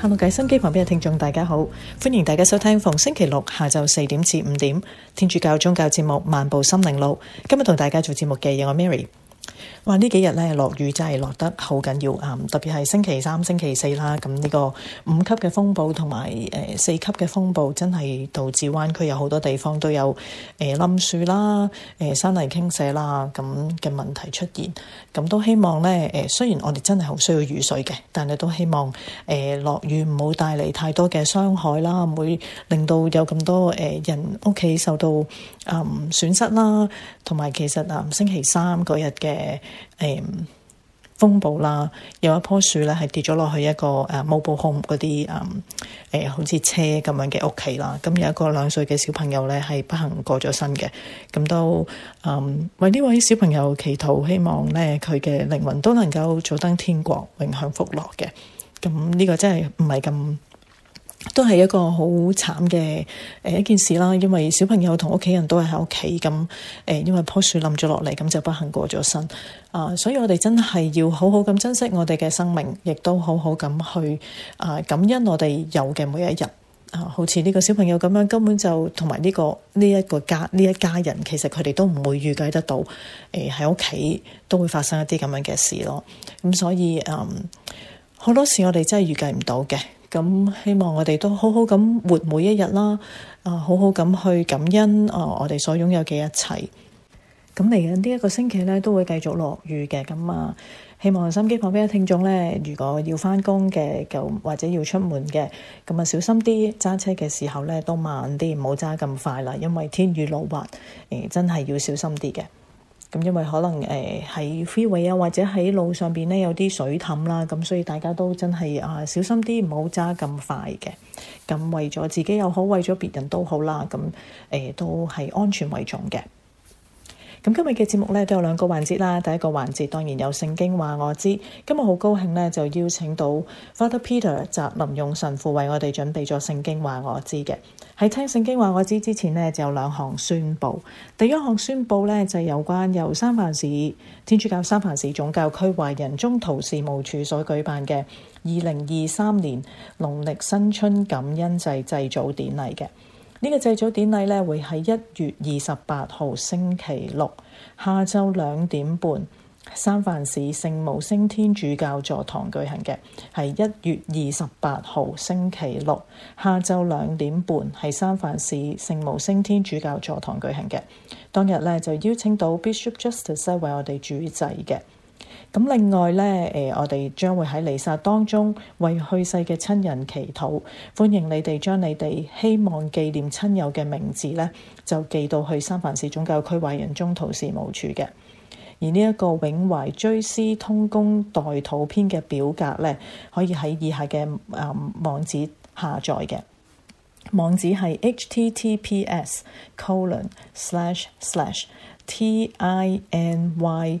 行路計心機，旁邊嘅聽眾大家好，歡迎大家收聽逢星期六下晝四點至五點天主教宗教節目《漫步心靈路》，今日同大家做節目嘅有我 Mary。話呢幾日咧落雨真係落得好緊要啊！特別係星期三、星期四啦，咁呢個五級嘅風暴同埋誒四級嘅風暴，真係導致灣區有好多地方都有誒冧樹啦、誒山泥傾瀉啦咁嘅問題出現。咁都希望咧誒，雖然我哋真係好需要雨水嘅，但係都希望誒落雨唔好帶嚟太多嘅傷害啦，唔會令到有咁多誒人屋企受到誒損失啦。同埋其實啊，星期三嗰日嘅。誒，um, 風暴啦，有一樖樹咧係跌咗落去一個誒 mobile home 嗰啲誒，誒、um, uh, 好似車咁樣嘅屋企啦，咁有一個兩歲嘅小朋友咧係不幸過咗身嘅，咁都誒、嗯、為呢位小朋友祈禱，希望咧佢嘅靈魂都能夠早登天國，永享福樂嘅，咁呢個真係唔係咁。都係一個好慘嘅誒一件事啦，因為小朋友同屋企人都係喺屋企，咁、嗯、誒、因為棵樹冧咗落嚟，咁就不幸過咗身啊！所以我哋真係要好好咁珍惜我哋嘅生命，亦都好好咁去啊感恩我哋有嘅每一日啊！好似呢個小朋友咁樣，根本就同埋呢個呢一個家呢一家人，其實佢哋都唔會預計得到誒喺屋企都會發生一啲咁樣嘅事咯。咁、嗯、所以嗯，好多時我哋真係預計唔到嘅。咁希望我哋都好好咁活每一日啦，啊，好好咁去感恩啊，我哋所擁有嘅一切。咁嚟緊呢一個星期咧，都會繼續落雨嘅，咁啊，希望收音機旁邊嘅聽眾咧，如果要翻工嘅，就或者要出門嘅，咁啊，小心啲揸車嘅時候咧，都慢啲，唔好揸咁快啦，因為天雨路滑，誒、嗯、真係要小心啲嘅。咁因為可能誒喺 freeway 啊，或者喺路上邊咧有啲水氹啦，咁所以大家都真係啊小心啲，唔好揸咁快嘅。咁為咗自己又好，為咗別人好、呃、都好啦，咁誒都係安全為重嘅。咁今日嘅節目咧都有兩個環節啦。第一個環節當然有聖經話我知。今日好高興咧就邀請到 Father Peter 澤林用神父為我哋準備咗聖經話我知嘅。喺聽聖經話我知之前呢，就有兩項宣佈。第一項宣佈咧就係有關由三藩市天主教三藩市總教區華人中途事務處所舉辦嘅二零二三年農曆新春感恩祭祭祖典禮嘅。呢個祭祖典禮呢，會喺一月二十八號星期六下晝兩點半，三藩市聖母升天主教座堂舉行嘅。係一月二十八號星期六下晝兩點半，喺三藩市聖母升天主教座堂舉行嘅。當日呢，就邀請到 Bishop Justice 為我哋主祭嘅。咁另外咧，誒我哋將會喺彌撒當中為去世嘅親人祈禱，歡迎你哋將你哋希望紀念親友嘅名字咧，就寄到去三藩市總教區華人中途事務處嘅。而呢一個永懷追思通功代禱篇嘅表格咧，可以喺以下嘅啊、嗯、網址下載嘅。網址係 h t t p s colon slash slash t i n y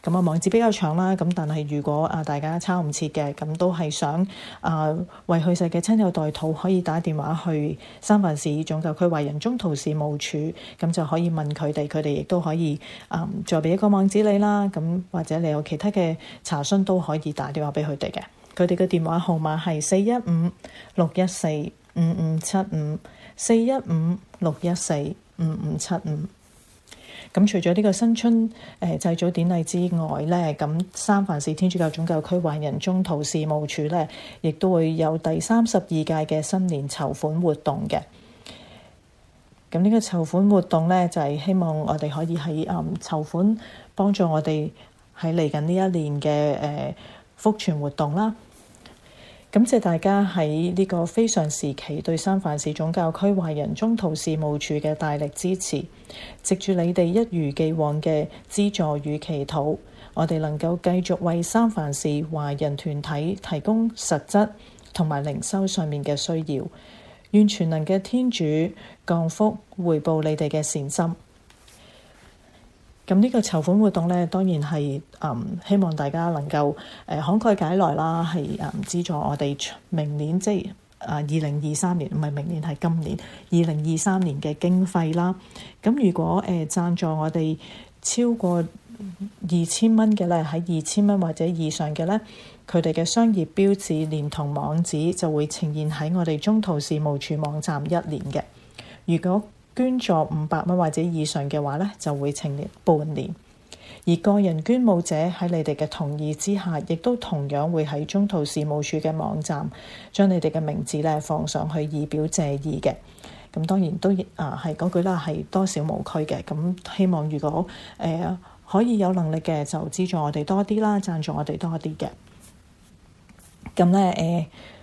咁啊，網址比較長啦，咁但係如果啊大家抄唔切嘅，咁都係想啊、呃、為去世嘅親友代禱，可以打電話去三藩市總教區華人中途事務處，咁就可以問佢哋，佢哋亦都可以啊、嗯、再畀一個網址你啦，咁或者你有其他嘅查詢都可以打電話畀佢哋嘅，佢哋嘅電話號碼係四一五六一四五五七五四一五六一四五五七五。咁除咗呢個新春誒祭祖典禮之外咧，咁三藩市天主教總教區華人中途事務處咧，亦都會有第三十二屆嘅新年籌款活動嘅。咁呢個籌款活動咧，就係、是、希望我哋可以喺誒籌款，幫助我哋喺嚟緊呢一年嘅誒福傳活動啦。感謝大家喺呢個非常時期對三藩市總教區華人中途事務處嘅大力支持，藉住你哋一如既往嘅資助與祈禱，我哋能夠繼續為三藩市華人團體提供實質同埋靈修上面嘅需要。願全能嘅天主降福，回報你哋嘅善心。咁呢個籌款活動咧，當然係誒、嗯、希望大家能夠誒、呃、慷慨解囊啦，係誒資助我哋明年即係啊二零二三年，唔係明年係今年二零二三年嘅經費啦。咁如果誒贊、呃、助我哋超過二千蚊嘅咧，喺二千蚊或者以上嘅咧，佢哋嘅商業標誌連同網址就會呈現喺我哋中途事務處網站一年嘅。如果捐助五百蚊或者以上嘅話呢，就會呈列半年。而個人捐募者喺你哋嘅同意之下，亦都同樣會喺中途事務處嘅網站將你哋嘅名字呢放上去以表謝意嘅。咁當然都啊係嗰句啦，係多少無拘嘅。咁希望如果誒、呃、可以有能力嘅，就資助我哋多啲啦，贊助我哋多啲嘅。咁呢。誒、呃。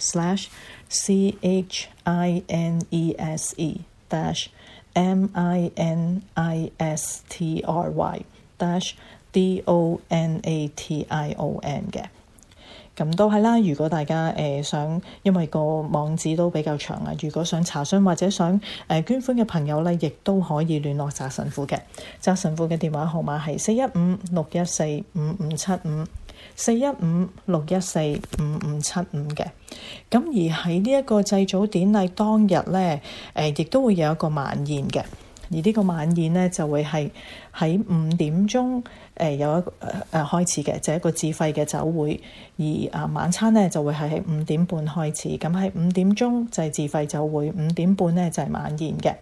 slash Chinese dash ministry dash donation 嘅，咁都係啦。如果大家誒、呃、想，因為個網址都比較長啊，如果想查詢或者想誒、呃、捐款嘅朋友咧，亦都可以聯絡澤神父嘅。澤神父嘅電話號碼係四一五六一四五五七五。四一五六一四五五七五嘅，咁而喺呢一個祭祖典禮當日咧，誒、呃、亦都會有一個晚宴嘅。而呢個晚宴咧就會係喺五點鐘誒、呃、有一誒、呃、開始嘅，就係、是、一個自費嘅酒會。而啊晚餐咧就會係喺五點半開始。咁喺五點鐘就係、是、自費酒會，五點半咧就係、是、晚宴嘅。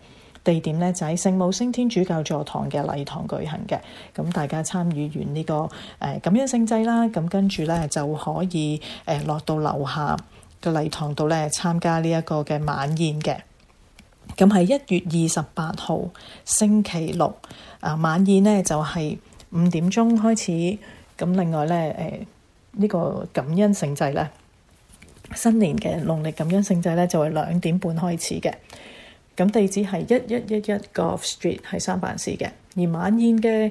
地點咧就喺、是、聖母升天主教座堂嘅禮堂舉行嘅，咁大家參與完呢、這個誒、呃、感恩聖祭啦，咁跟住咧就可以誒、呃、落到樓下嘅禮堂度咧參加呢一個嘅晚宴嘅。咁係一月二十八號星期六啊、呃，晚宴咧就係、是、五點鐘開始。咁另外咧誒呢、呃這個感恩聖祭咧，新年嘅農曆感恩聖祭咧就係、是、兩點半開始嘅。咁地址係一一一一 Golf Street 係三藩市嘅，而晚宴嘅誒、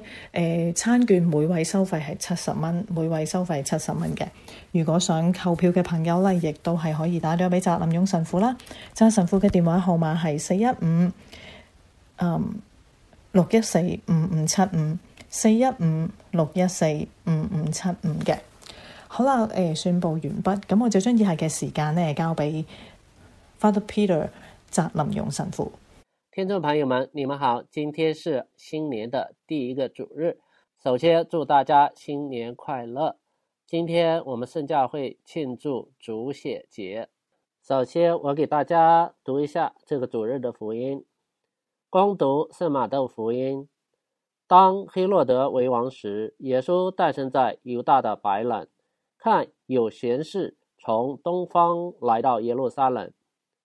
呃、餐券每位收費係七十蚊，每位收費七十蚊嘅。如果想購票嘅朋友咧，亦都係可以打電話俾澤林勇神父啦。澤神父嘅電話號碼係四一五嗯六一四五五七五四一五六一四五五七五嘅。好啦，誒、呃、宣佈完畢，咁我就將以下嘅時間咧交俾 Father Peter。扎林用神父，聽眾朋友們，你們好！今天是新年的第一個主日，首先祝大家新年快樂！今天我們聖教會慶祝主顯節。首先，我給大家讀一下這個主日的福音，恭讀聖馬竇福音：當黑洛德為王時，耶穌誕生在猶大的白冷，看，有賢士從東方來到耶路撒冷，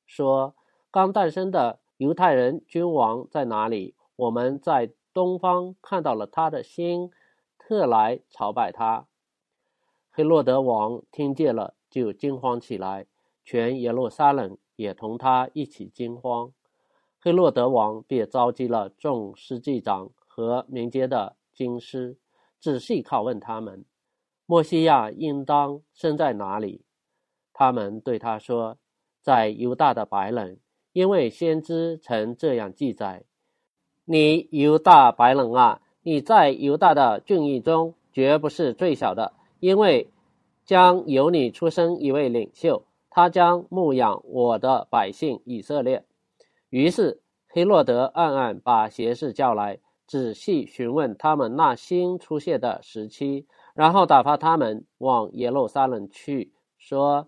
說。剛誕生的猶太人君王在哪裏？我們在東方看到了他的星，特來朝拜他。黑洛德王聽見了就驚慌起來，全耶路撒冷也同他一起驚慌。黑洛德王便召集了眾司祭長和民間的經師，仔細拷問他們：默西亞應當生在哪裏？他們對他說：在猶大的白冷。因為先知曾這樣記載：你猶大白冷啊，你在猶大的郡邑中絕不是最小的，因為將由你出生一位領袖，他將牧養我的百姓以色列。於是黑落德暗暗把賢士叫來，仔細詢問他們那星出現的時期，然後打發他們往耶路撒冷去，說。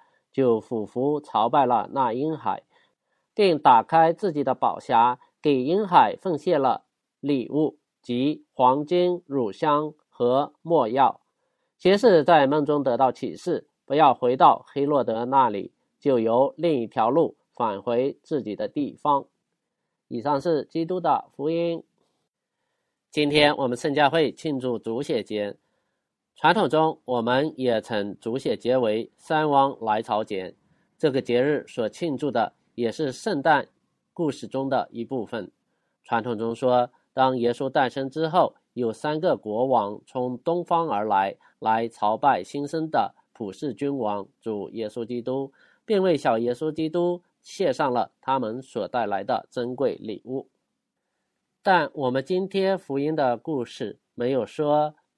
就俯伏朝拜了那嬰孩，並打開自己的寶匣，給嬰孩奉獻了禮物，即黃金、乳香和沒藥。賢士在夢中得到啟示，不要回到黑洛德那裏，就由另一條路返回自己的地方。以上是基督的福音。今天我們聖教會慶祝主顯節。傳統中，我們也曾主寫結為三王來朝節，這個節日所慶祝的也是聖誕故事中的一部分。傳統中說，當耶穌誕生之後，有三個國王從東方而來，來朝拜新生的普世君王，主耶穌基督，並為小耶穌基督獻上了他們所帶來的珍貴禮物。但我們今天福音的故事沒有說。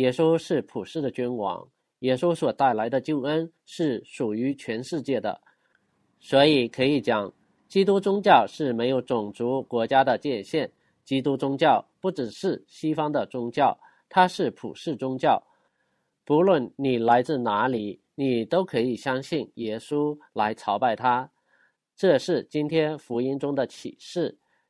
耶穌是普世的君王，耶穌所帶來的救恩是屬於全世界的，所以可以講，基督宗教是沒有種族國家的界限。基督宗教不只是西方的宗教，它是普世宗教，不論你來自哪裏，你都可以相信耶穌來朝拜他。這是今天福音中的啟示。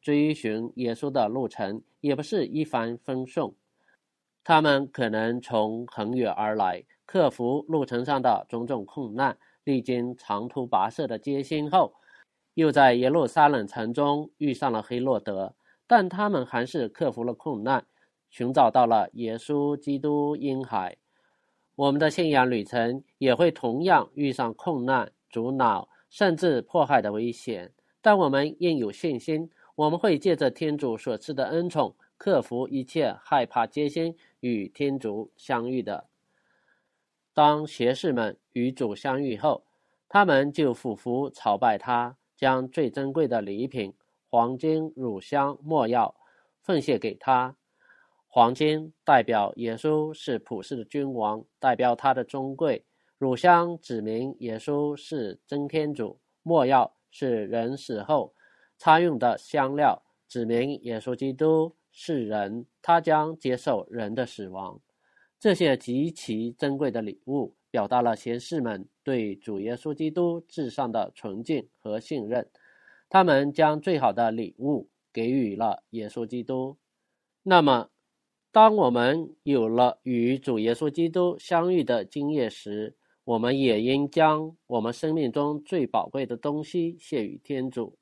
追尋耶穌的路程也不是一帆風順，他們可能從很遠而來，克服路程上的種種困難，歷經長途跋涉的艱辛後，又在耶路撒冷城中遇上了黑落德，但他們還是克服了困難，尋找到了耶穌基督嬰孩。我們的信仰旅程也會同樣遇上困難、阻撓，甚至迫害的危險，但我們應有信心。我們會借着天主所賜的恩寵，克服一切害怕艱辛與天主相遇的。當賢士們與主相遇後，他們就俯伏朝拜他，將最珍貴的禮品——黃金、乳香、沒藥，奉獻給他。黃金代表耶穌是普世的君王，代表他的尊貴；乳香指明耶穌是真天主；沒藥是人死後。他用的香料，指明耶穌基督是人，他將接受人的死亡。這些極其珍貴的禮物，表達了賢士們對主耶穌基督至上的崇敬和信任。他們將最好的禮物給予了耶穌基督。那麼，當我們有了與主耶穌基督相遇的經驗時，我們也應將我們生命中最寶貴的東西獻於天主。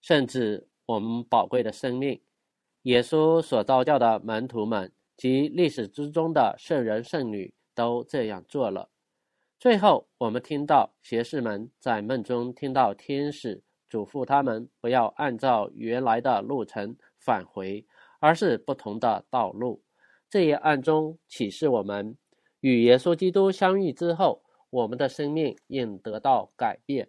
甚至我們寶貴的生命，耶穌所召叫的門徒們及歷史之中的聖人聖女都這樣做了。最後，我們聽到賢士們在夢中聽到天使囑咐他們不要按照原來的路程返回，而是不同的道路。這一案中啟示我們，與耶穌基督相遇之後，我們的生命應得到改變。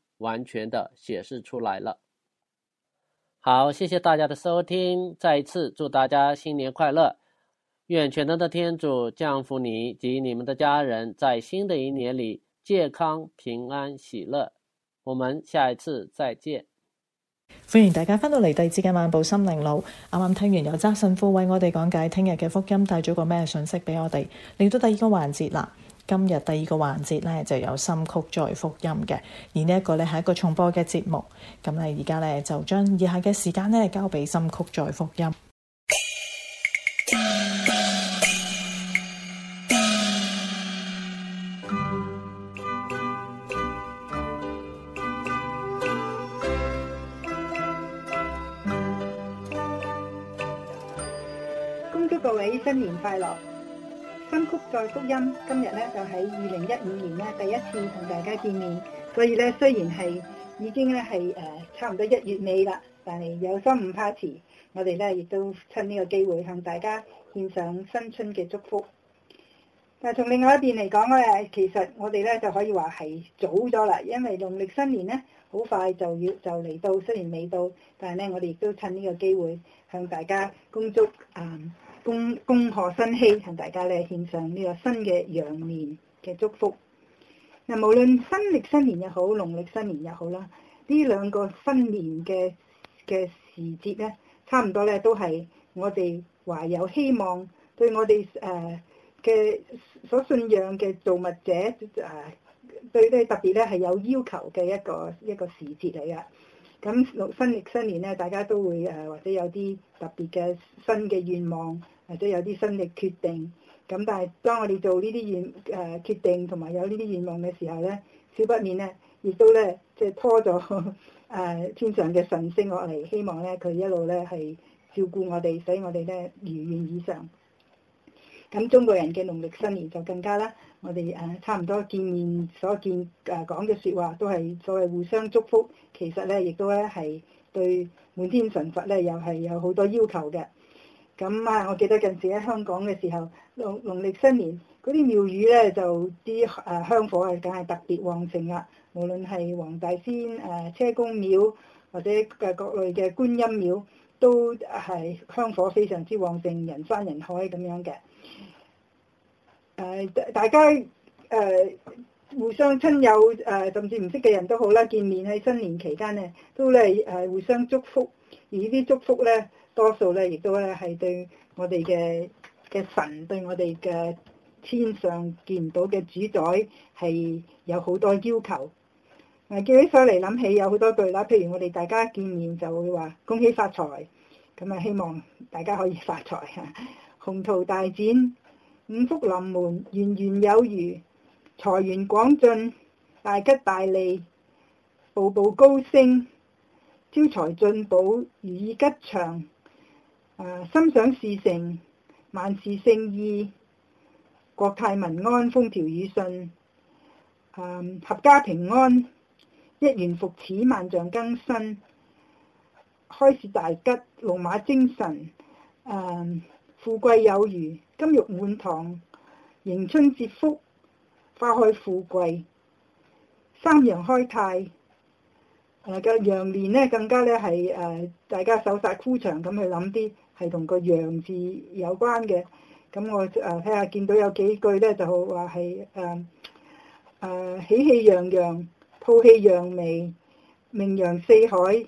完全的顯示出來了。好，謝謝大家的收聽，再一次祝大家新年快樂，願全能的天主降福你及你們的家人，在新的一年裏健康平安喜樂。我們下一次再見。歡迎大家翻到嚟第二節嘅漫步心靈路，啱啱聽完由扎神父為我哋講解聽日嘅福音帶咗個咩訊息畀我哋，嚟到第二個環節啦。今日第二個環節咧，就有《心曲再復音》嘅，而呢一個咧係一個重播嘅節目。咁咧，而家咧就將以下嘅時間咧交俾《心曲再復音》。恭祝各位新年快樂！新曲再福音，今日咧就喺二零一五年咧第一次同大家見面，所以咧雖然係已經咧係誒差唔多一月尾啦，但係有心唔怕遲，party, 我哋咧亦都趁呢個機會向大家獻上新春嘅祝福。但係從另外一邊嚟講咧，其實我哋咧就可以話係早咗啦，因為農曆新年咧好快就要就嚟到，雖然未到，但係咧我哋亦都趁呢個機會向大家恭祝誒。嗯恭恭賀新禧，同大家咧獻上呢個新嘅羊年嘅祝福。嗱，無論新歷新年又好，農曆新年又好啦，呢兩個新年嘅嘅時節咧，差唔多咧都係我哋懷有希望，對我哋誒嘅所信仰嘅造物者誒，對咧特別咧係有要求嘅一個一個時節嚟嘅。咁六新曆新年咧，大家都會誒或者有啲特別嘅新嘅願望，或者有啲新嘅決定。咁但係當我哋做呢啲願誒、呃、決定同埋有呢啲願望嘅時候咧，少不免咧亦都咧即係拖咗誒、呃、天上嘅神聖落嚟，希望咧佢一路咧係照顧我哋，使我哋咧如願以償。咁中國人嘅農曆新年就更加啦。我哋誒差唔多見面所見誒講嘅説話都係所謂互相祝福，其實咧亦都咧係對滿天神佛咧又係有好多要求嘅。咁啊，我記得近時喺香港嘅時候，農農曆新年嗰啲廟宇咧就啲誒香火係，梗係特別旺盛啦。無論係黃大仙誒車公廟，或者嘅各類嘅觀音廟，都係香火非常之旺盛，人山人海咁樣嘅。誒、呃，大家誒、呃、互相親友誒、呃，甚至唔識嘅人都好啦，見面喺新年期間咧，都咧誒、呃、互相祝福，而呢啲祝福咧，多數咧亦都咧係對我哋嘅嘅神，對我哋嘅天上見唔到嘅主宰係有好多要求。誒、啊，叫起上嚟諗起有好多句啦，譬如我哋大家見面就會話恭喜發財，咁啊希望大家可以發財啊，宏 圖大展。五福臨門，年年有餘，財源廣進，大吉大利，步步高升，招財進寶，如意吉祥。啊，心想事成，萬事勝意，國泰民安，風調雨順。啊，合家平安，一元復始，萬象更新，開市大吉，龍馬精神。啊，富貴有餘。金玉滿堂，迎春接福，花開富貴，三陽開泰。誒、啊，個羊年咧，更加咧係誒，大家搜索枯腸咁去諗啲係同個羊字有關嘅。咁我誒睇下，見到有幾句咧就好話係誒誒喜氣洋洋，吐氣揚眉，名揚四海，誒、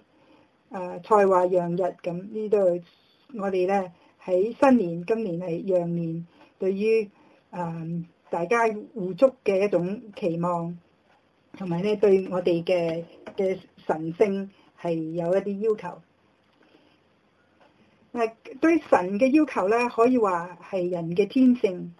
呃、才華洋溢咁。都呢度我哋咧。喺新年，今年係羊年，對於誒大家互祝嘅一種期望，同埋咧對我哋嘅嘅神聖係有一啲要求。嗱，對神嘅要求咧，可以話係人嘅天性，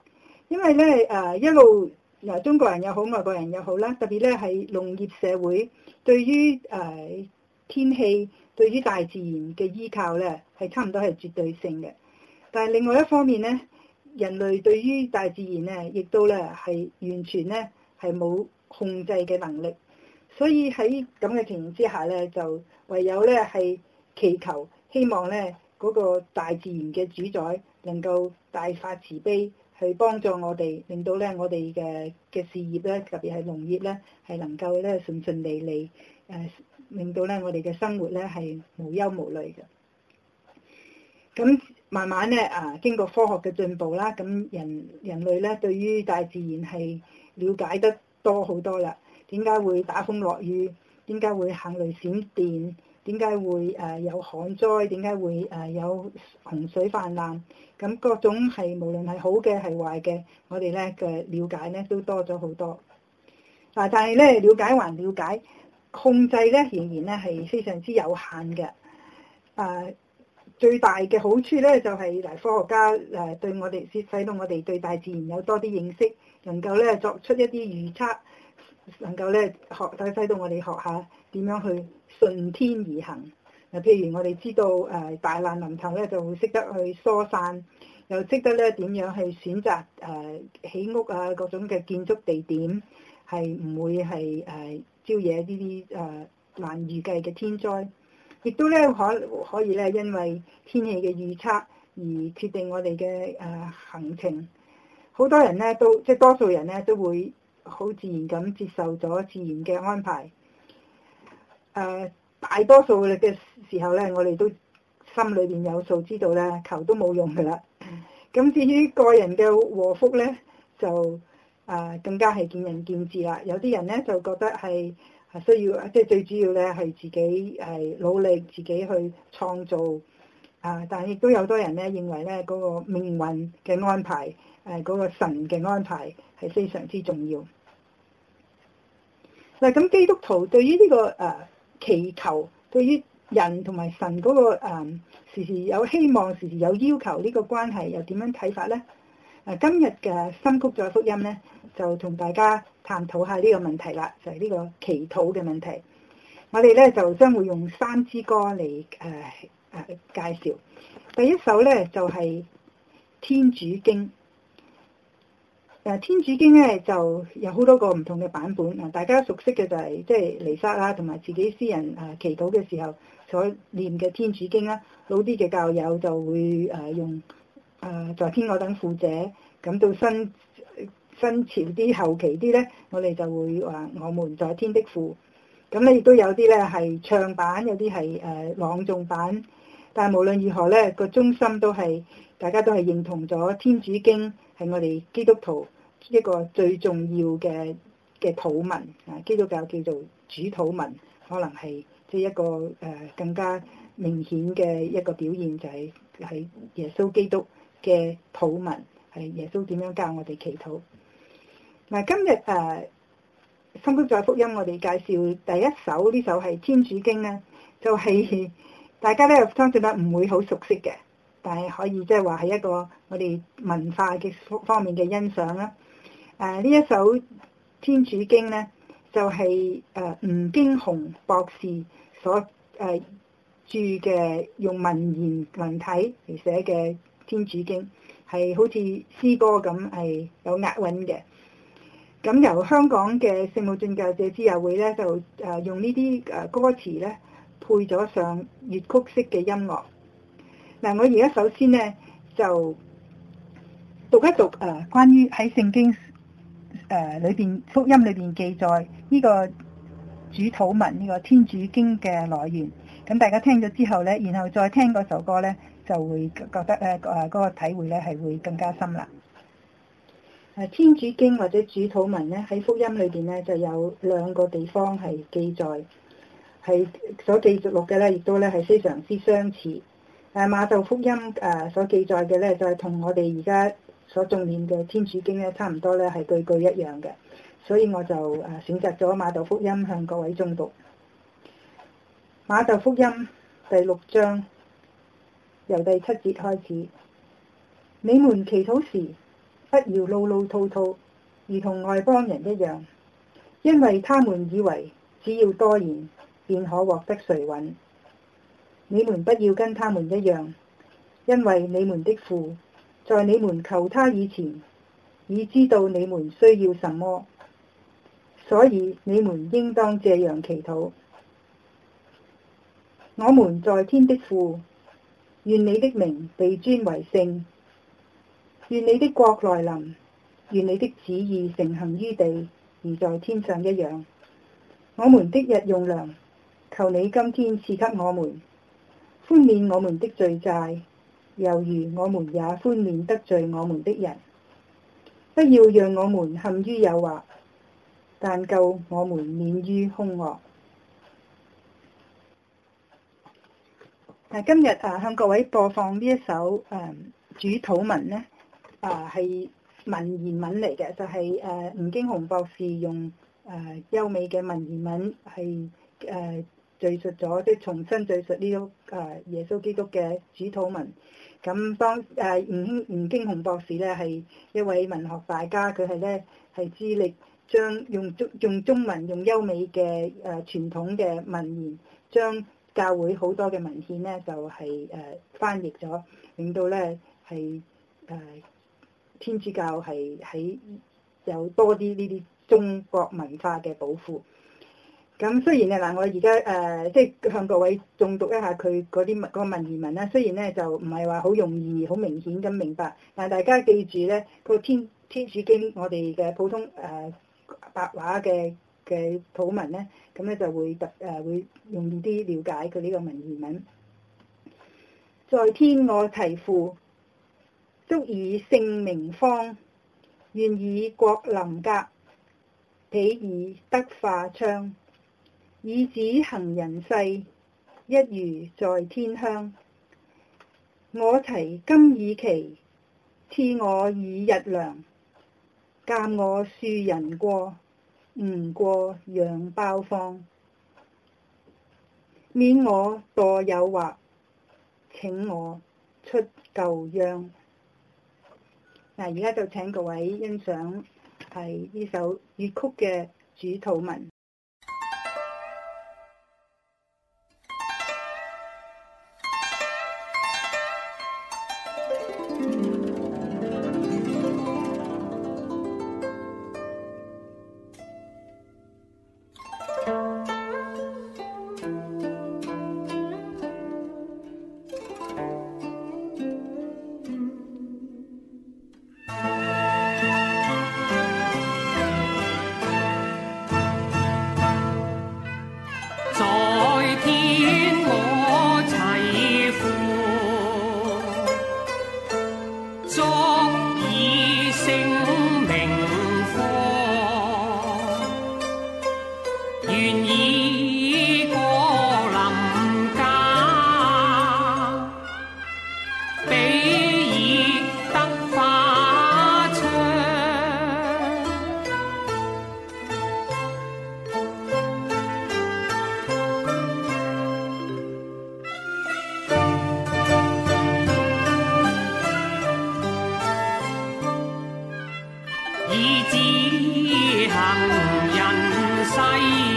因為咧誒一路，嗱中國人又好，外國人又好啦，特別咧係農業社會，對於誒、呃、天氣，對於大自然嘅依靠咧，係差唔多係絕對性嘅。但係另外一方面咧，人類對於大自然咧，亦都咧係完全咧係冇控制嘅能力，所以喺咁嘅情形之下咧，就唯有咧係祈求希望咧嗰個大自然嘅主宰能夠大發慈悲，去幫助我哋，令到咧我哋嘅嘅事業咧，特別係農業咧，係能夠咧順順利利，誒令到咧我哋嘅生活咧係無憂無慮嘅，咁。慢慢咧啊，經過科學嘅進步啦，咁人人類咧對於大自然係了解得多好多啦。點解會打風落雨？點解會行雷閃電？點解會誒有旱災？點解會誒有洪水氾濫？咁各種係無論係好嘅係壞嘅，我哋咧嘅了解咧都多咗好多。嗱，但係咧了解還了解，控制咧仍然咧係非常之有限嘅。啊！最大嘅好處咧，就係嗱，科學家誒對我哋先，使到我哋對大自然有多啲認識，能夠咧作出一啲預測，能夠咧學，使使到我哋學下點樣去順天而行。嗱，譬如我哋知道誒大難臨頭咧，就會識得去疏散，又識得咧點樣去選擇誒起屋啊各種嘅建築地點，係唔會係誒招惹呢啲誒難預計嘅天災。亦都咧可可以咧，因為天氣嘅預測而決定我哋嘅誒行程。好多人咧都即係多數人咧都會好自然咁接受咗自然嘅安排。誒、呃、大多數嘅時候咧，我哋都心裏邊有數知道啦，求都冇用噶啦。咁至於個人嘅禍福咧，就誒、呃、更加係見仁見智啦。有啲人咧就覺得係。需要即係最主要咧，係自己誒努力，自己去創造啊！但係亦都有多人咧認為咧，嗰個命運嘅安排，誒、那、嗰個神嘅安排係非常之重要。嗱，咁基督徒對於呢個誒祈求，對於人同埋神嗰個誒時時有希望，時時有要求呢、呢個關係，又點樣睇法咧？誒，今日嘅深谷再福音咧？就同大家探討下呢個問題啦，就係、是、呢個祈禱嘅問題。我哋咧就將會用三支歌嚟誒誒介紹。第一首咧就係、是、天主經。誒、呃、天主經咧就有好多個唔同嘅版本。啊，大家熟悉嘅就係即係彌撒啦，同、就、埋、是、自己私人誒祈禱嘅時候所念嘅天主經啦。老啲嘅教友就會誒用誒、呃、在天我等父者，咁到新。新潮啲、後期啲咧，我哋就會話我們在天的父。咁咧亦都有啲咧係唱版，有啲係誒朗誦版。但係無論如何咧，個中心都係大家都係認同咗《天主經》係我哋基督徒一個最重要嘅嘅禱文。啊，基督教叫做主禱文，可能係即係一個誒更加明顯嘅一個表現，就係、是、喺耶穌基督嘅禱文，係耶穌點樣教我哋祈禱。嗱，今日誒《新、啊、福音》福音，我哋介紹第一首呢首係《天主經》咧，就係、是、大家咧，相信得唔會好熟悉嘅，但係可以即係話係一個我哋文化嘅方面嘅欣賞啦。誒、啊、呢一首《天主經》咧，就係、是、誒、啊、吳經雄博士所誒、啊、著嘅用文言文體嚟寫嘅《天主經》，係好似詩歌咁，係有押韻嘅。咁由香港嘅聖母進教者之友會咧，就誒用呢啲誒歌詞咧，配咗上粵曲式嘅音樂。嗱，我而家首先咧就讀一讀誒關於喺聖經誒裏邊福音裏邊記載呢個主禱文呢個天主經嘅來源。咁大家聽咗之後咧，然後再聽嗰首歌咧，就會覺得咧誒嗰個體會咧係會更加深啦。誒天主經或者主禱文咧，喺福音裏邊咧就有兩個地方係記載，係所記述錄嘅咧，亦都咧係非常之相似。誒、啊、馬竇福音誒所記載嘅咧，就係同我哋而家所重念嘅天主經咧差唔多咧，係句句一樣嘅。所以我就誒選擇咗馬竇福音向各位誦讀。馬竇福音第六章由第七節開始，你們祈禱時，不要嘮嘮叨叨，如同外邦人一樣，因為他們以為只要多言便可獲得垂允。你們不要跟他們一樣，因為你們的父在你們求他以前已知道你們需要什麼，所以你們應當這樣祈禱：我們在天的父，願你的名被尊為聖。願你的國來臨，願你的旨意成行於地，而在天上一樣。我們的日用糧，求你今天賜給我們，寬免我們的罪債，猶如我們也寬免得罪我們的人。不要讓我們陷於誘惑，但救我們免於凶惡。嗱，今日啊，向各位播放呢一首誒主禱文咧。啊，係、uh, 文言文嚟嘅，就係、是、誒、uh, 吳經熊博士用誒、uh, 優美嘅文言文係誒敘述咗，即、就、係、是、重新敘述呢個誒耶穌基督嘅主禱文。咁當誒、uh, 吳經吳經熊博士咧係一位文學大家，佢係咧係致力將用中用中文用優美嘅誒、uh, 傳統嘅文言，將教會好多嘅文獻咧就係、是、誒、uh, 翻譯咗，令到咧係誒。天主教係喺有多啲呢啲中國文化嘅保護。咁雖然咧嗱，我而家誒即係向各位重讀一下佢嗰啲文、嗰個、文言文啦。雖然咧就唔係話好容易、好明顯咁明白，但係大家記住咧，個《天天主經》我哋嘅普通誒、呃、白話嘅嘅普文咧，咁咧就會特誒、呃、會容易啲了解佢呢個文言文。在天我提父。足以盛名方，願以國臨格，彼以德化昌，以子行人世，一如在天鄉。我提今以旗，賜我以日糧，鑒我恕人過，唔過讓包方。免我墮誘惑，請我出舊殃。嗱，而家就請各位欣賞係呢首粵曲嘅主套文。只知行人世。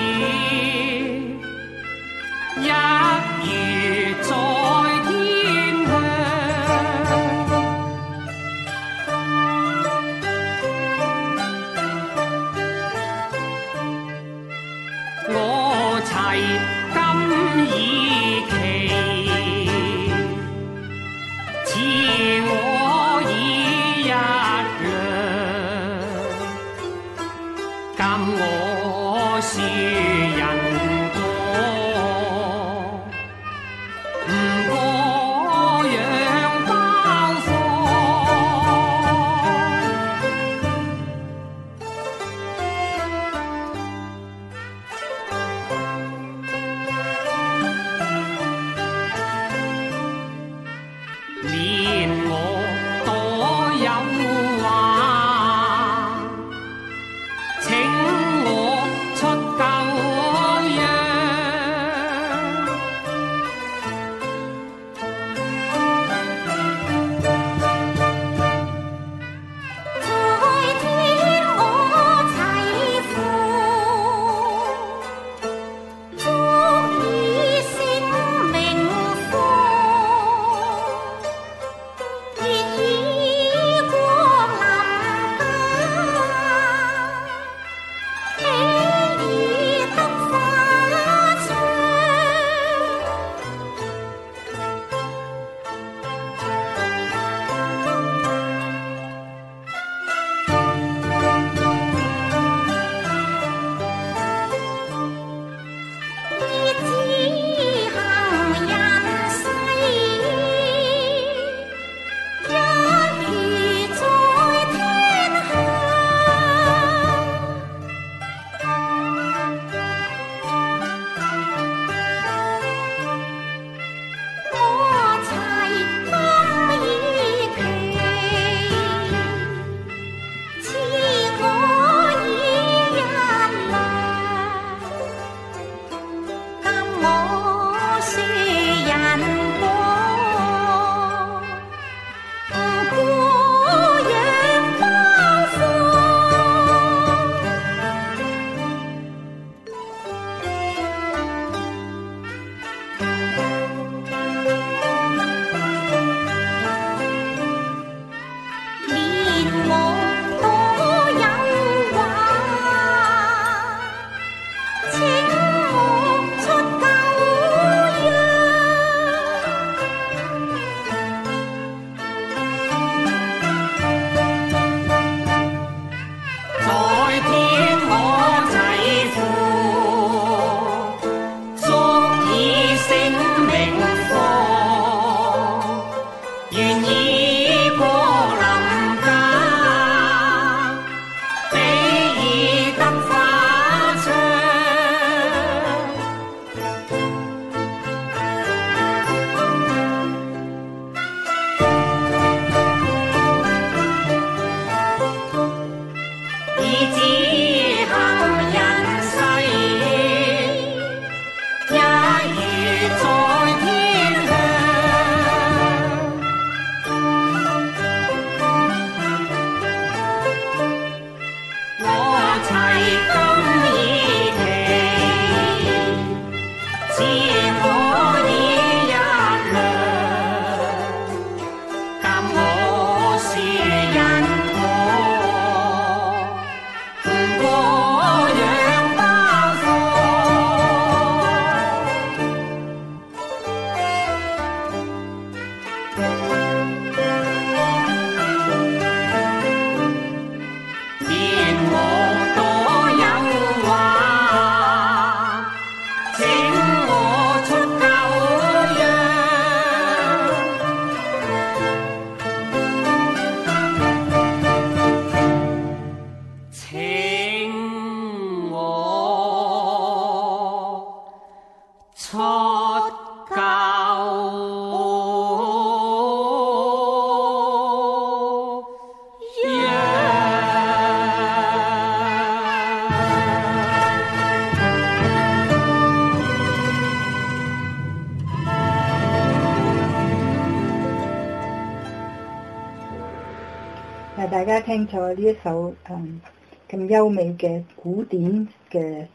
聽咗呢一首嗯，咁優美嘅古典嘅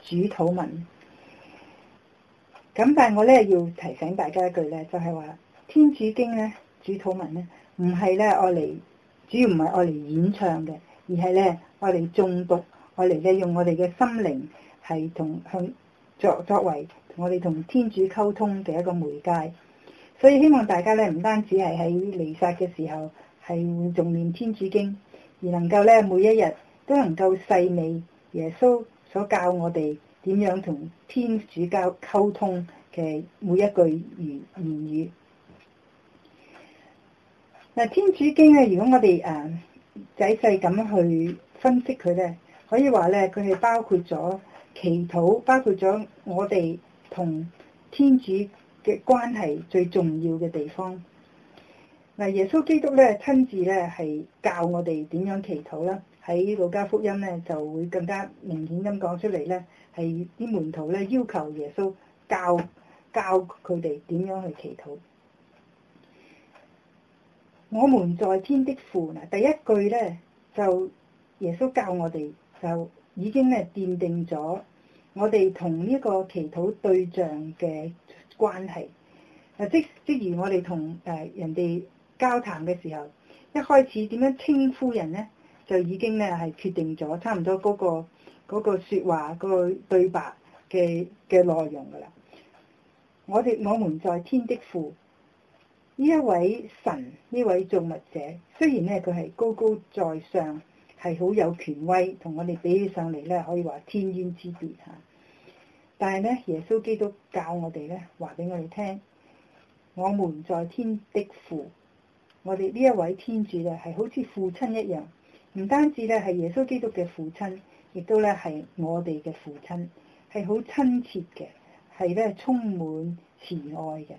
主禱文，咁但係我咧要提醒大家一句咧，就係話天主經咧主禱文咧，唔係咧愛嚟，主要唔係愛嚟演唱嘅，而係咧愛嚟誦讀，愛嚟利用我哋嘅心靈係同向作作為我哋同天主溝通嘅一個媒介，所以希望大家咧唔單止係喺彌撒嘅時候。係重念天主經，而能夠咧每一日都能夠細味耶穌所教我哋點樣同天主教溝通嘅每一句言言語。嗱，天主經咧，如果我哋誒、啊、仔細咁去分析佢咧，可以話咧佢係包括咗祈禱，包括咗我哋同天主嘅關係最重要嘅地方。嗱，耶穌基督咧親自咧係教我哋點樣祈禱啦，喺《路加福音》咧就會更加明顯咁講出嚟咧，係啲門徒咧要求耶穌教教佢哋點樣去祈禱。我們在天的父，嗱第一句咧就耶穌教我哋，就已經咧奠定咗我哋同呢個祈禱對象嘅關係。啊，即即如我哋同誒人哋，交談嘅時候，一開始點樣稱呼人咧，就已經咧係決定咗嗰個，差唔多嗰個嗰嗰個説話嗰個對白嘅嘅內容噶啦。我哋我們在天的父，呢一位神，呢位造物者，雖然咧佢係高高在上，係好有權威，同我哋比起上嚟咧，可以話天淵之別嚇。但係咧，耶穌基督教我哋咧，話俾我哋聽，我們在天的父。我哋呢一位天主咧，係好似父親一樣，唔單止咧係耶穌基督嘅父親，亦都咧係我哋嘅父親，係好親切嘅，係咧充滿慈愛嘅。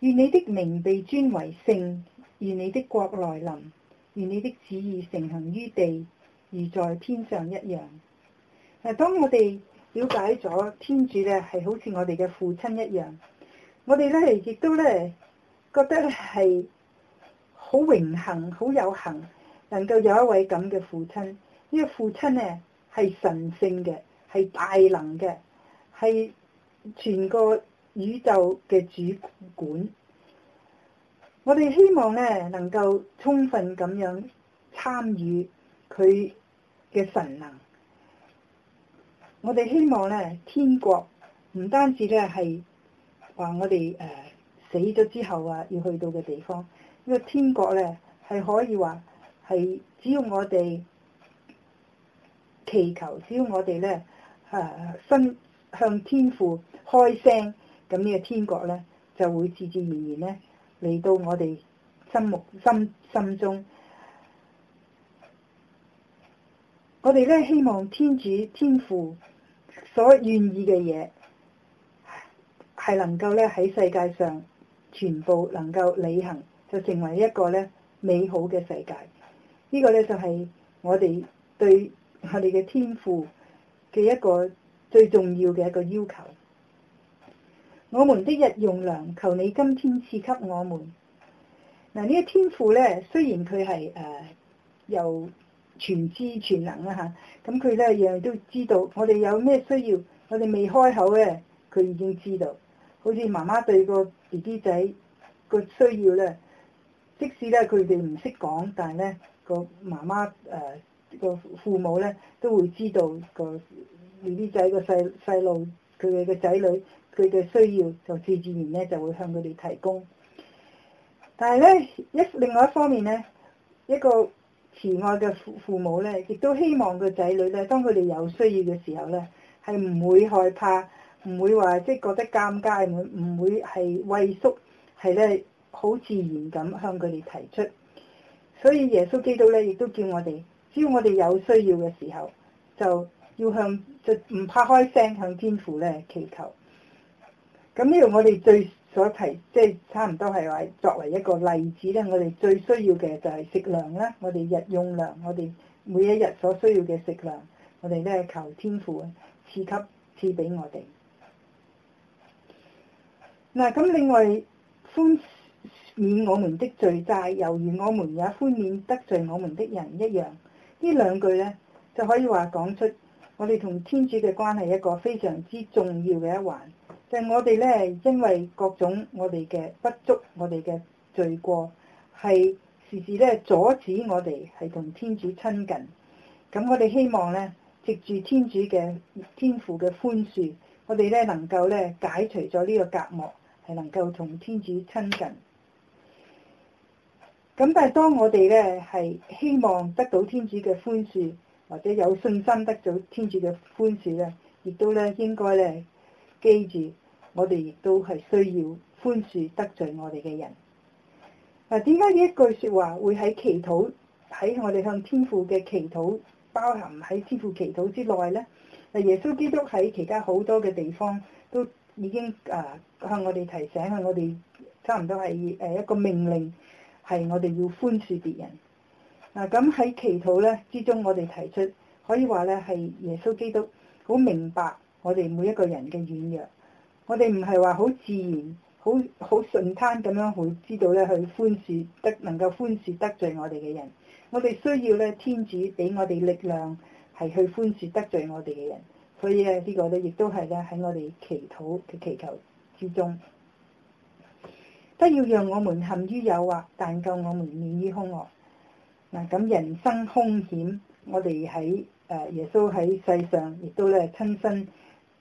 願你的名被尊為聖，願你的國來臨，願你的旨意成行於地，如在天上一樣。嗱，當我哋了解咗天主咧，係好似我哋嘅父親一樣。我哋咧亦都咧，覺得咧係好榮幸、好有幸，能夠有一位咁嘅父親。父親，呢個父親咧係神聖嘅，係大能嘅，係全個宇宙嘅主管。我哋希望咧能夠充分咁樣參與佢嘅神能。我哋希望咧天國唔單止咧係。話我哋誒死咗之後啊，要去到嘅地方，呢個天國咧係可以話係只要我哋祈求，只要我哋咧誒伸向天父開聲，咁呢個天國咧就會自自然然咧嚟到我哋心目心心中。我哋咧希望天主天父所願意嘅嘢。係能夠咧喺世界上全部能夠履行，就成為一個咧美好嘅世界。呢、這個咧就係我哋對我哋嘅天父嘅一個最重要嘅一個要求。我們的日用糧，求你今天賜給我們。嗱、這、呢個天父咧，雖然佢係誒又全知全能啊吓，咁佢咧樣都知道。我哋有咩需要，我哋未開口嘅，佢已經知道。好似媽媽對個弟弟仔個需要咧，即使咧佢哋唔識講，但係咧個媽媽誒個、呃、父母咧都會知道個弟弟仔個細細路佢哋嘅仔女佢嘅需要，就自自然然咧就會向佢哋提供。但係咧一另外一方面咧，一個慈愛嘅父父母咧，亦都希望個仔女咧，當佢哋有需要嘅時候咧，係唔會害怕。唔會話即係覺得尷尬，唔唔會係畏縮，係呢，好自然咁向佢哋提出。所以耶穌基督呢，亦都叫我哋，只要我哋有需要嘅時候，就要向就唔怕開聲向天父呢祈求。咁呢個我哋最所提，即係差唔多係話作為一個例子呢，我哋最需要嘅就係食糧啦，我哋日用糧，我哋每一日所需要嘅食糧，我哋都係求天父啊，賜給賜俾我哋。嗱咁，另外寬免我們的罪債，猶如我們也寬免得罪我們的人一樣。兩呢兩句咧就可以話講出我哋同天主嘅關係一個非常之重要嘅一環。就係、是、我哋呢，因為各種我哋嘅不足，我哋嘅罪過，係時時咧阻止我哋係同天主親近。咁我哋希望呢，藉住天主嘅天父嘅寬恕，我哋呢能夠咧解除咗呢個隔膜。係能夠同天主親近，咁但係當我哋咧係希望得到天主嘅寬恕，或者有信心得到天主嘅寬恕咧，亦都咧應該咧記住，我哋亦都係需要寬恕得罪我哋嘅人。嗱，點解呢一句説話會喺祈禱，喺我哋向天父嘅祈禱，包含喺天父祈禱之內咧？嗱，耶穌基督喺其他好多嘅地方都。已經啊向我哋提醒，向我哋差唔多係誒一個命令，係我哋要寬恕別人啊。咁喺祈禱咧之中，我哋提出可以話咧係耶穌基督好明白我哋每一個人嘅軟弱，我哋唔係話好自然好好順攤咁樣去知道咧去寬恕得能夠寬恕得罪我哋嘅人，我哋需要咧天主俾我哋力量係去寬恕得罪我哋嘅人。所以咧，呢個咧，亦都係咧喺我哋祈禱嘅祈求之中，不要讓我們陷於誘惑，但救我們免於兇惡。嗱，咁人生兇險，我哋喺誒耶穌喺世上，亦都咧親身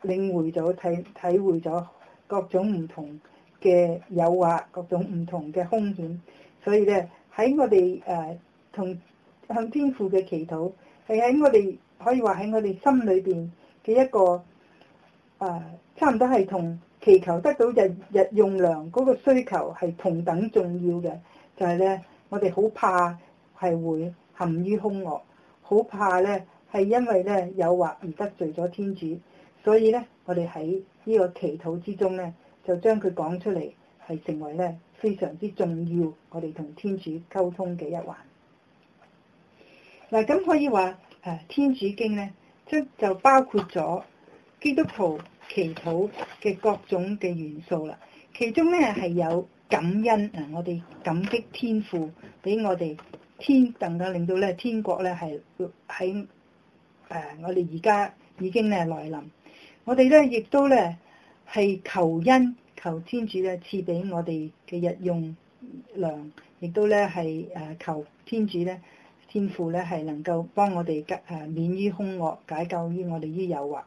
領會咗體體會咗各種唔同嘅誘惑，各種唔同嘅兇險。所以咧，喺我哋誒同向天父嘅祈禱，係喺我哋可以話喺我哋心裏邊。嘅一個啊，差唔多係同祈求得到日日用糧嗰個需求係同等重要嘅，就係、是、咧，我哋好怕係會陷於兇惡，好怕咧係因為咧誘惑而得罪咗天主，所以咧我哋喺呢個祈禱之中咧，就將佢講出嚟，係成為咧非常之重要，我哋同天主溝通嘅一環。嗱、啊，咁可以話誒、啊、天主經咧。即就包括咗基督徒祈禱嘅各種嘅元素啦，其中咧係有感恩，嗱我哋感激天父俾我哋天能夠令到咧天國咧係喺誒我哋而家已經咧來臨我呢，我哋咧亦都咧係求恩求天主咧賜俾我哋嘅日用糧，亦都咧係誒求天主咧。天父咧係能夠幫我哋吉誒免於兇惡，解救於我哋於誘惑。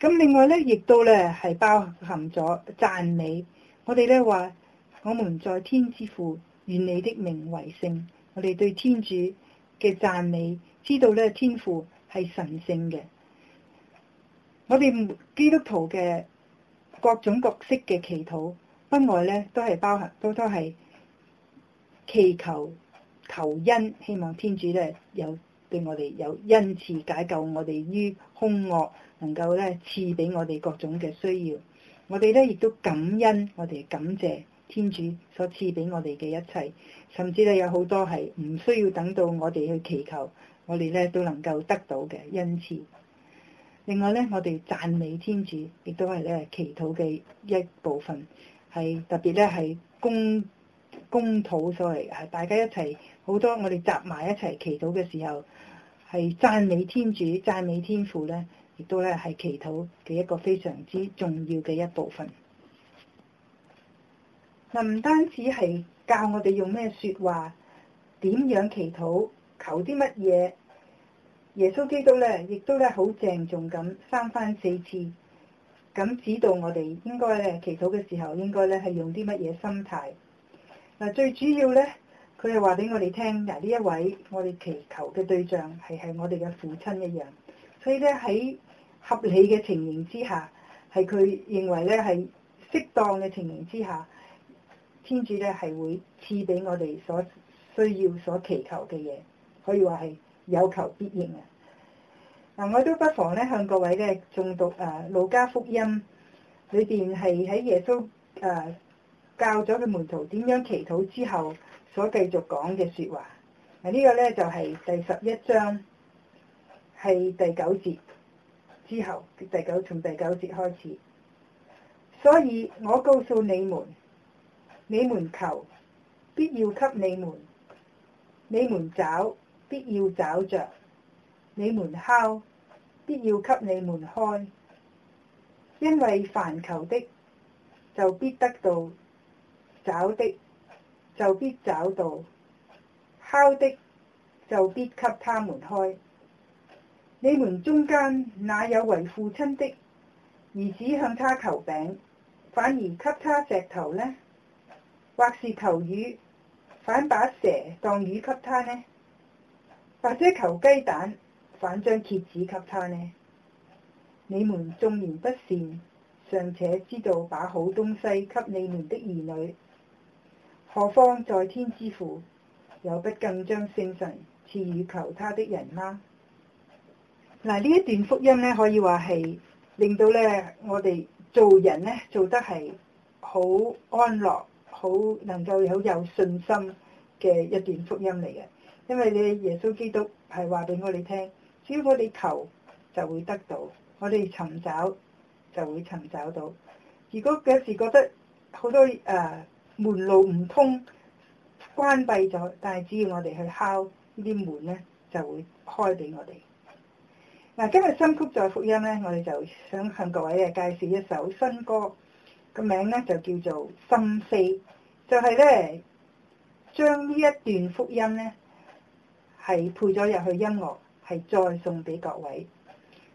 咁另外咧，亦都咧係包含咗讚美。我哋咧話，我們在天之父，願你的名為聖。我哋對天主嘅讚美，知道咧天父係神聖嘅。我哋基督徒嘅各種各色嘅祈禱，不外咧都係包含，都都係祈求。求恩，希望天主咧有對我哋有恩賜，解救我哋於兇惡，能夠咧賜俾我哋各種嘅需要。我哋咧亦都感恩，我哋感謝天主所賜俾我哋嘅一切，甚至咧有好多係唔需要等到我哋去祈求，我哋咧都能夠得到嘅恩賜。另外咧，我哋讚美天主，亦都係咧祈禱嘅一部分，係特別咧係公。公討所嚟，係大家一齊好多我哋集埋一齊祈禱嘅時候，係讚美天主、讚美天父咧，亦都咧係祈禱嘅一個非常之重要嘅一部分。嗱，唔單止係教我哋用咩說話，點樣祈禱，求啲乜嘢，耶穌基督咧，亦都咧好鄭重咁三番四次咁指導我哋應該咧祈禱嘅時候應該咧係用啲乜嘢心態。嗱，最主要咧，佢係話俾我哋聽，嗱，呢一位我哋祈求嘅對象係像我哋嘅父親一樣，所以咧喺合理嘅情形之下，係佢認為咧係適當嘅情形之下，天主咧係會賜俾我哋所需要所祈求嘅嘢，可以話係有求必應啊！嗱，我都不妨咧向各位咧，重讀啊《路加福音》裏邊係喺耶穌啊。教咗佢門徒點樣祈禱之後，所繼續講嘅說話，嗱呢個咧就係第十一章，係第九節之後，第九從第九節開始。所以我告訴你們，你們求，必要給你們；你們找，必要找着；你們敲，必要給你們開。因為凡求的，就必得到。找的就必找到，敲的就必給他們開。你們中間哪有為父親的，兒子向他求餅，反而給他石頭呢？或是求魚，反把蛇當魚給他呢？或者求雞蛋，反將蠍子給他呢？你們縱然不善，尚且知道把好東西給你們的兒女。何況在天之父，有不更將聖神賜予求他的人嗎？嗱，呢一段福音咧，可以話係令到咧我哋做人咧做得係好安樂、好能夠有有信心嘅一段福音嚟嘅。因為你耶穌基督係話俾我哋聽，只要我哋求就會得到，我哋尋找就會尋找到。如果有時覺得好多誒，呃門路唔通，關閉咗，但係只要我哋去敲呢啲門咧，就會開俾我哋。嗱，今日新曲再福音咧，我哋就想向各位咧介紹一首新歌，個名咧就叫做《心扉》，就係、是、咧將呢一段福音咧係配咗入去音樂，係再送俾各位。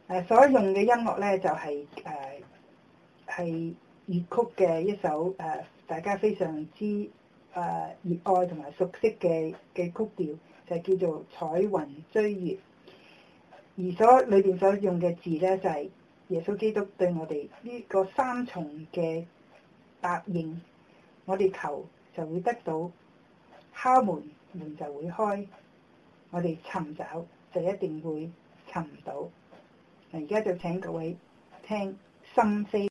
誒，所用嘅音樂咧就係誒係。呃粵曲嘅一首誒，大家非常之誒熱愛同埋熟悉嘅嘅曲調，就叫做《彩雲追月》。而所裏邊所用嘅字咧，就係耶穌基督對我哋呢個三重嘅答應，我哋求就會得到，敲門門就會開，我哋尋找就一定會尋到。而家就請各位聽心扉。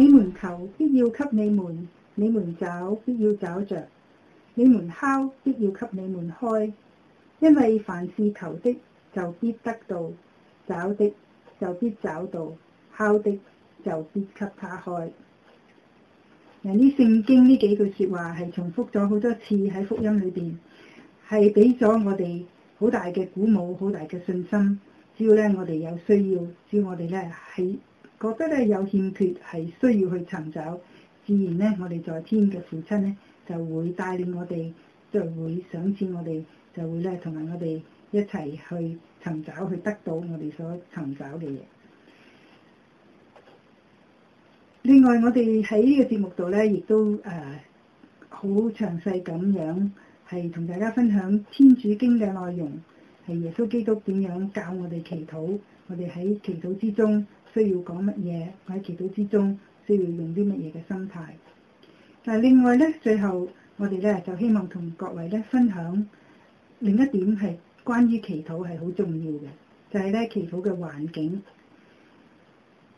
你們求，必要給你們；你們找，必要找着；你們敲，必要給你們開。因為凡事求的，就必得到；找的，就必找到；敲的，就必給他開。嗱，呢啲聖經呢幾句說話係重複咗好多次喺福音裏邊，係俾咗我哋好大嘅鼓舞，好大嘅信心。只要咧我哋有需要，只要我哋咧喺。覺得咧有欠缺係需要去尋找，自然咧我哋在天嘅父親咧就會帶領我哋，就會賞賜我哋，就會咧同埋我哋一齊去尋找，去得到我哋所尋找嘅嘢。另外，我哋喺呢個節目度咧，亦都誒好詳細咁樣係同大家分享天主經嘅內容，係耶穌基督點樣教我哋祈禱，我哋喺祈禱之中，需要講乜嘢？喺祈禱之中，需要用啲乜嘢嘅心態？但係另外咧，最後我哋咧就希望同各位咧分享另一點係關於祈禱係好重要嘅，就係、是、咧祈禱嘅環境。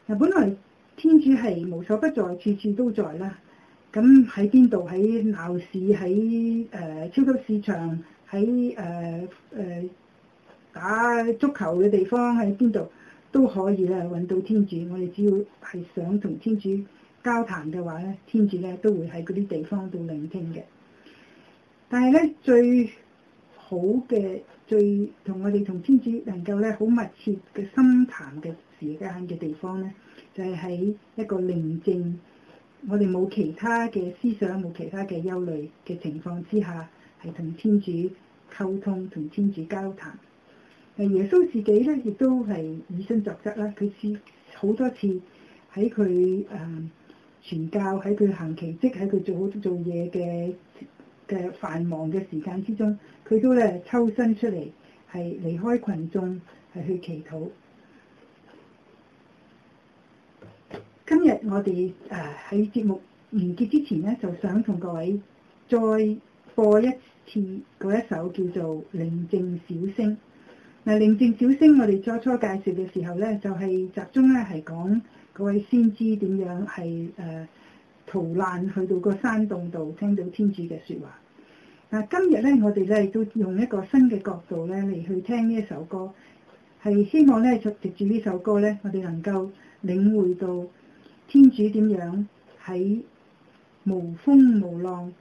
嗱，本來天主係無所不在，處處都在啦。咁喺邊度？喺鬧市？喺誒、呃、超級市場？喺誒誒打足球嘅地方？喺邊度？都可以啦，揾到天主，我哋只要係想同天主交談嘅話咧，天主咧都會喺嗰啲地方度聆聽嘅。但係咧，最好嘅最同我哋同天主能夠咧好密切嘅深談嘅時間嘅地方咧，就係、是、喺一個寧靜，我哋冇其他嘅思想、冇其他嘅憂慮嘅情況之下，係同天主溝通、同天主交談。耶穌自己咧，亦都係以身作則啦。佢似好多次喺佢誒傳教，喺佢行奇蹟，喺佢做好做嘢嘅嘅繁忙嘅時間之中，佢都咧抽身出嚟，係離開群眾，係去祈禱。今日我哋誒喺節目完結之前咧，就想同各位再播一次嗰一首叫做《寧靜小聲》。誒寧靜小聲，我哋初初介紹嘅時候咧，就係、是、集中咧係講各位先知點樣係誒、呃、逃難去到個山洞度，聽到天主嘅説話。嗱，今日咧我哋咧都用一個新嘅角度咧嚟去聽呢一首歌，係希望咧就藉住呢首歌咧，我哋能夠領會到天主點樣喺無風無浪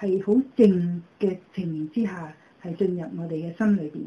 係好靜嘅情形之下，係進入我哋嘅心裏邊。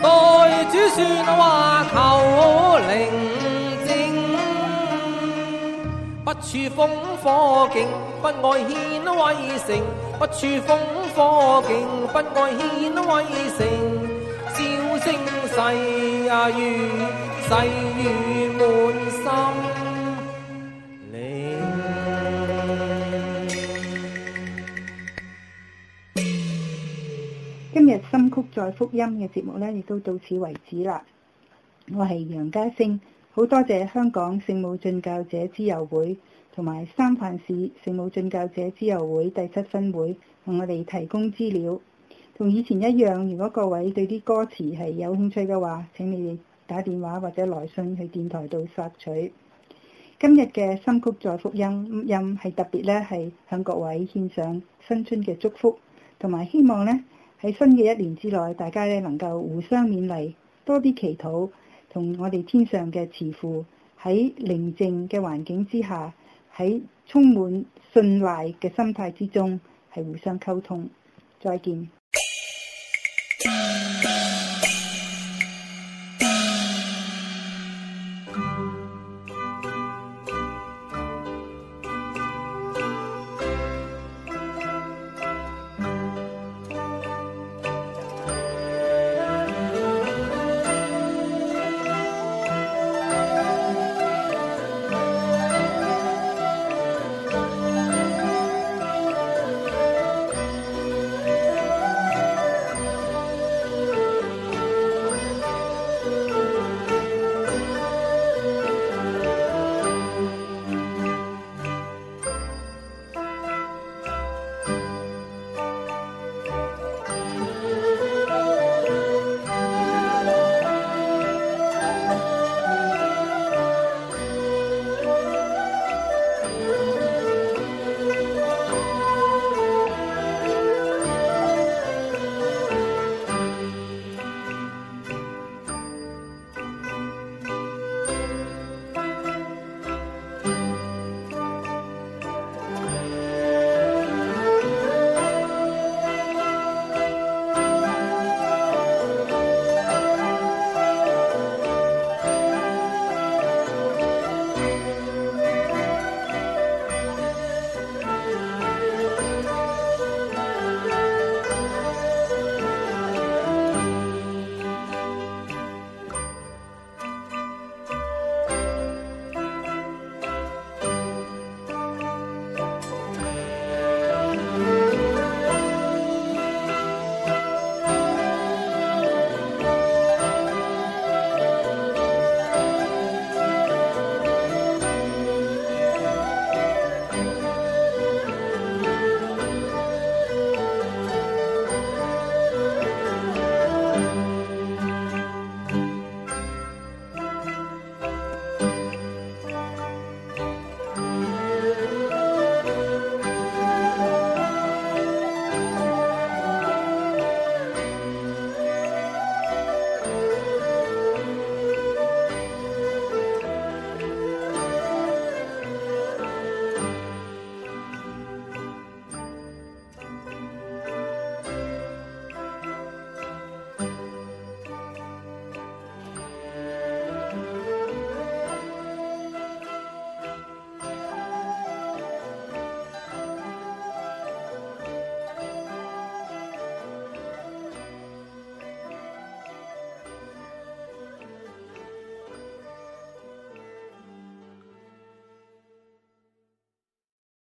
代主說話求寧靜，不處烽火境，不愛獻威城，不處烽火境，不愛獻威城，笑聲細啊，如細雨。曲在福音嘅節目呢，亦都到此為止啦。我係楊家勝，好多謝香港聖母進教者之友會同埋三藩市聖母進教者之友會第七分會同我哋提供資料。同以前一樣，如果各位對啲歌詞係有興趣嘅話，請你打電話或者來信去電台度索取。今日嘅新曲在福音音係特別咧，係向各位獻上新春嘅祝福，同埋希望呢。喺新嘅一年之內，大家咧能夠互相勉勵，多啲祈禱，同我哋天上嘅慈父喺寧靜嘅環境之下，喺充滿信賴嘅心態之中，係互相溝通。再見。